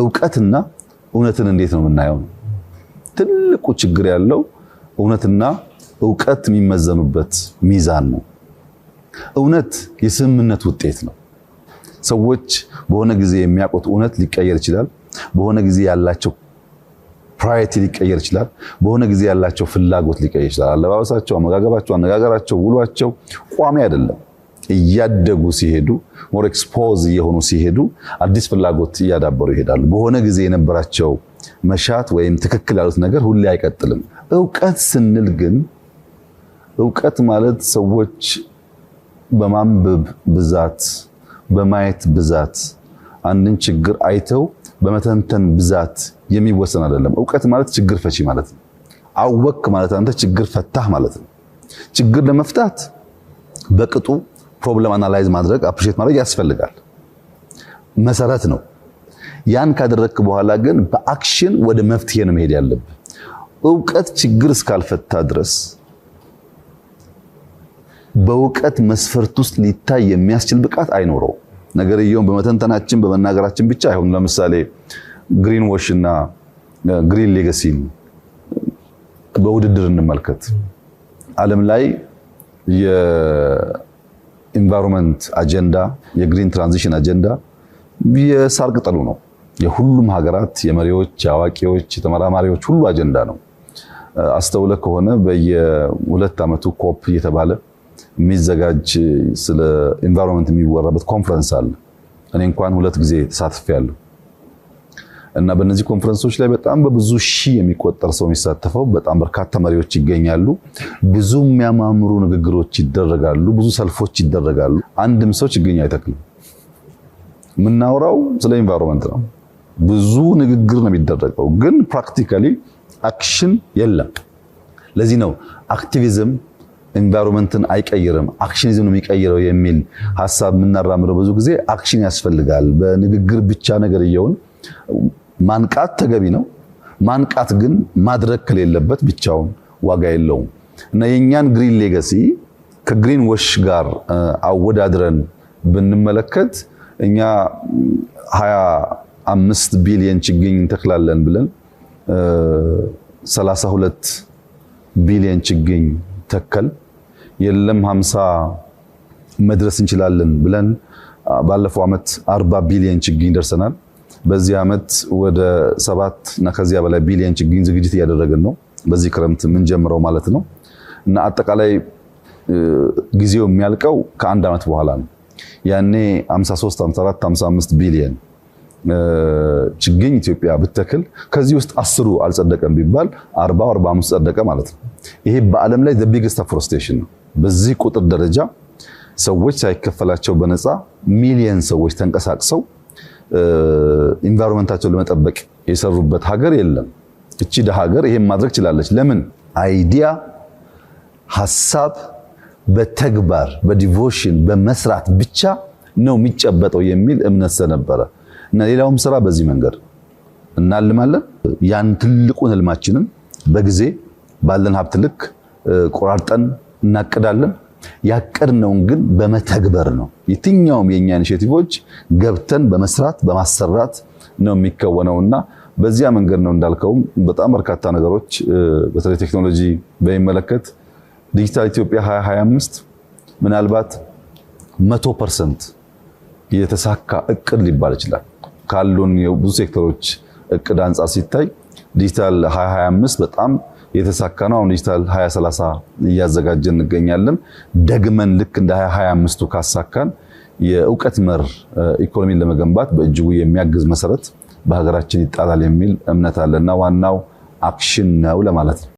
እውቀትና እውነትን እንዴት ነው የምናየው? ትልቁ ችግር ያለው እውነትና እውቀት የሚመዘኑበት ሚዛን ነው። እውነት የስምምነት ውጤት ነው። ሰዎች በሆነ ጊዜ የሚያውቁት እውነት ሊቀየር ይችላል። በሆነ ጊዜ ያላቸው ፕራይቲ ሊቀየር ይችላል። በሆነ ጊዜ ያላቸው ፍላጎት ሊቀየር ይችላል። አለባበሳቸው፣ አመጋገባቸው፣ አነጋገራቸው፣ ውሏቸው ቋሚ አይደለም። እያደጉ ሲሄዱ ሞር ኤክስፖዝ እየሆኑ ሲሄዱ አዲስ ፍላጎት እያዳበሩ ይሄዳሉ። በሆነ ጊዜ የነበራቸው መሻት ወይም ትክክል ያሉት ነገር ሁሌ አይቀጥልም። እውቀት ስንል ግን እውቀት ማለት ሰዎች በማንበብ ብዛት፣ በማየት ብዛት፣ አንድን ችግር አይተው በመተንተን ብዛት የሚወሰን አይደለም። እውቀት ማለት ችግር ፈቺ ማለት ነው። አወክ ማለት አንተ ችግር ፈታህ ማለት ነው። ችግር ለመፍታት በቅጡ ፕሮብለም አናላይዝ ማድረግ አፕሪሼት ማድረግ ያስፈልጋል። መሰረት ነው። ያን ካደረግክ በኋላ ግን በአክሽን ወደ መፍትሄ ነው መሄድ ያለብህ። እውቀት ችግር እስካልፈታ ድረስ በእውቀት መስፈርት ውስጥ ሊታይ የሚያስችል ብቃት አይኖረው። ነገርየውን በመተንተናችን በመናገራችን ብቻ አይሆን። ለምሳሌ ግሪን ዎሽ እና ግሪን ሌጋሲን በውድድር እንመልከት። ዓለም ላይ የኢንቫይሮንመንት አጀንዳ፣ የግሪን ትራንዚሽን አጀንዳ የሳር ቅጠሉ ነው። የሁሉም ሀገራት የመሪዎች፣ የአዋቂዎች፣ የተመራማሪዎች ሁሉ አጀንዳ ነው። አስተውለ ከሆነ በየሁለት ዓመቱ ኮፕ እየተባለ የሚዘጋጅ ስለ ኢንቫይሮንመንት የሚወራበት ኮንፈረንስ አለ። እኔ እንኳን ሁለት ጊዜ ተሳትፌያለሁ። እና በእነዚህ ኮንፈረንሶች ላይ በጣም በብዙ ሺህ የሚቆጠር ሰው የሚሳተፈው በጣም በርካታ መሪዎች ይገኛሉ። ብዙ የሚያማምሩ ንግግሮች ይደረጋሉ። ብዙ ሰልፎች ይደረጋሉ። አንድም ሰው ችግኝ አይተክልም። የምናወራው ስለ ኢንቫይሮንመንት ነው። ብዙ ንግግር ነው የሚደረገው፣ ግን ፕራክቲካሊ አክሽን የለም። ለዚህ ነው አክቲቪዝም ኢንቫይሮንመንትን አይቀይርም አክሽኒዝም ነው የሚቀይረው የሚል ሀሳብ የምናራምደው። ብዙ ጊዜ አክሽን ያስፈልጋል። በንግግር ብቻ ነገር እየውን ማንቃት ተገቢ ነው። ማንቃት ግን ማድረግ ከሌለበት ብቻውን ዋጋ የለውም እና የእኛን ግሪን ሌገሲ ከግሪን ወሽ ጋር አወዳድረን ብንመለከት እኛ 25 ቢሊየን ችግኝ እንተክላለን ብለን 32 ቢሊየን ችግኝ ተከል የለም 50 መድረስ እንችላለን ብለን ባለፈው ዓመት 40 ቢሊየን ችግኝ ደርሰናል። በዚህ ዓመት ወደ ሰባት እና ከዚያ በላይ ቢሊዮን ችግኝ ዝግጅት እያደረግን ነው። በዚህ ክረምት የምንጀምረው ማለት ነው እና አጠቃላይ ጊዜው የሚያልቀው ከአንድ ዓመት በኋላ ነው። ያኔ 53፣ 54፣ 55 ቢሊየን ችግኝ ኢትዮጵያ ብትተክል ከዚህ ውስጥ አስሩ አልጸደቀም ቢባል 40፣ 45 ጸደቀ ማለት ነው። ይሄ በዓለም ላይ ቢግስት አፍሮስቴሽን ነው። በዚህ ቁጥር ደረጃ ሰዎች ሳይከፈላቸው በነፃ ሚሊየን ሰዎች ተንቀሳቅሰው ኢንቫይሮንመንታቸውን ለመጠበቅ የሰሩበት ሀገር የለም። እቺ ደሃ ሀገር ይሄን ማድረግ ችላለች። ለምን አይዲያ፣ ሀሳብ በተግባር በዲቮሽን በመስራት ብቻ ነው የሚጨበጠው የሚል እምነት ስለነበረ እና ሌላውም ስራ በዚህ መንገድ እናልማለን። ያን ትልቁን ህልማችንን በጊዜ ባለን ሀብት ልክ ቆራርጠን እናቅዳለን። ያቀድነውን ግን በመተግበር ነው። የትኛውም የእኛ ኢኒሼቲቮች ገብተን በመስራት በማሰራት ነው የሚከወነውና በዚያ መንገድ ነው እንዳልከውም በጣም በርካታ ነገሮች በተለይ ቴክኖሎጂ በሚመለከት ዲጂታል ኢትዮጵያ 2025 ምናልባት 100% የተሳካ እቅድ ሊባል ይችላል ካሉን ብዙ ሴክተሮች እቅድ አንጻር ሲታይ ዲጂታል 2025 በጣም የተሳካ ነው። አሁን ዲጂታል 2030 እያዘጋጀ እንገኛለን። ደግመን ልክ እንደ 2025ቱ ካሳካን የእውቀት መር ኢኮኖሚን ለመገንባት በእጅጉ የሚያግዝ መሰረት በሀገራችን ይጣላል የሚል እምነት አለና ዋናው አክሽን ነው ለማለት ነው።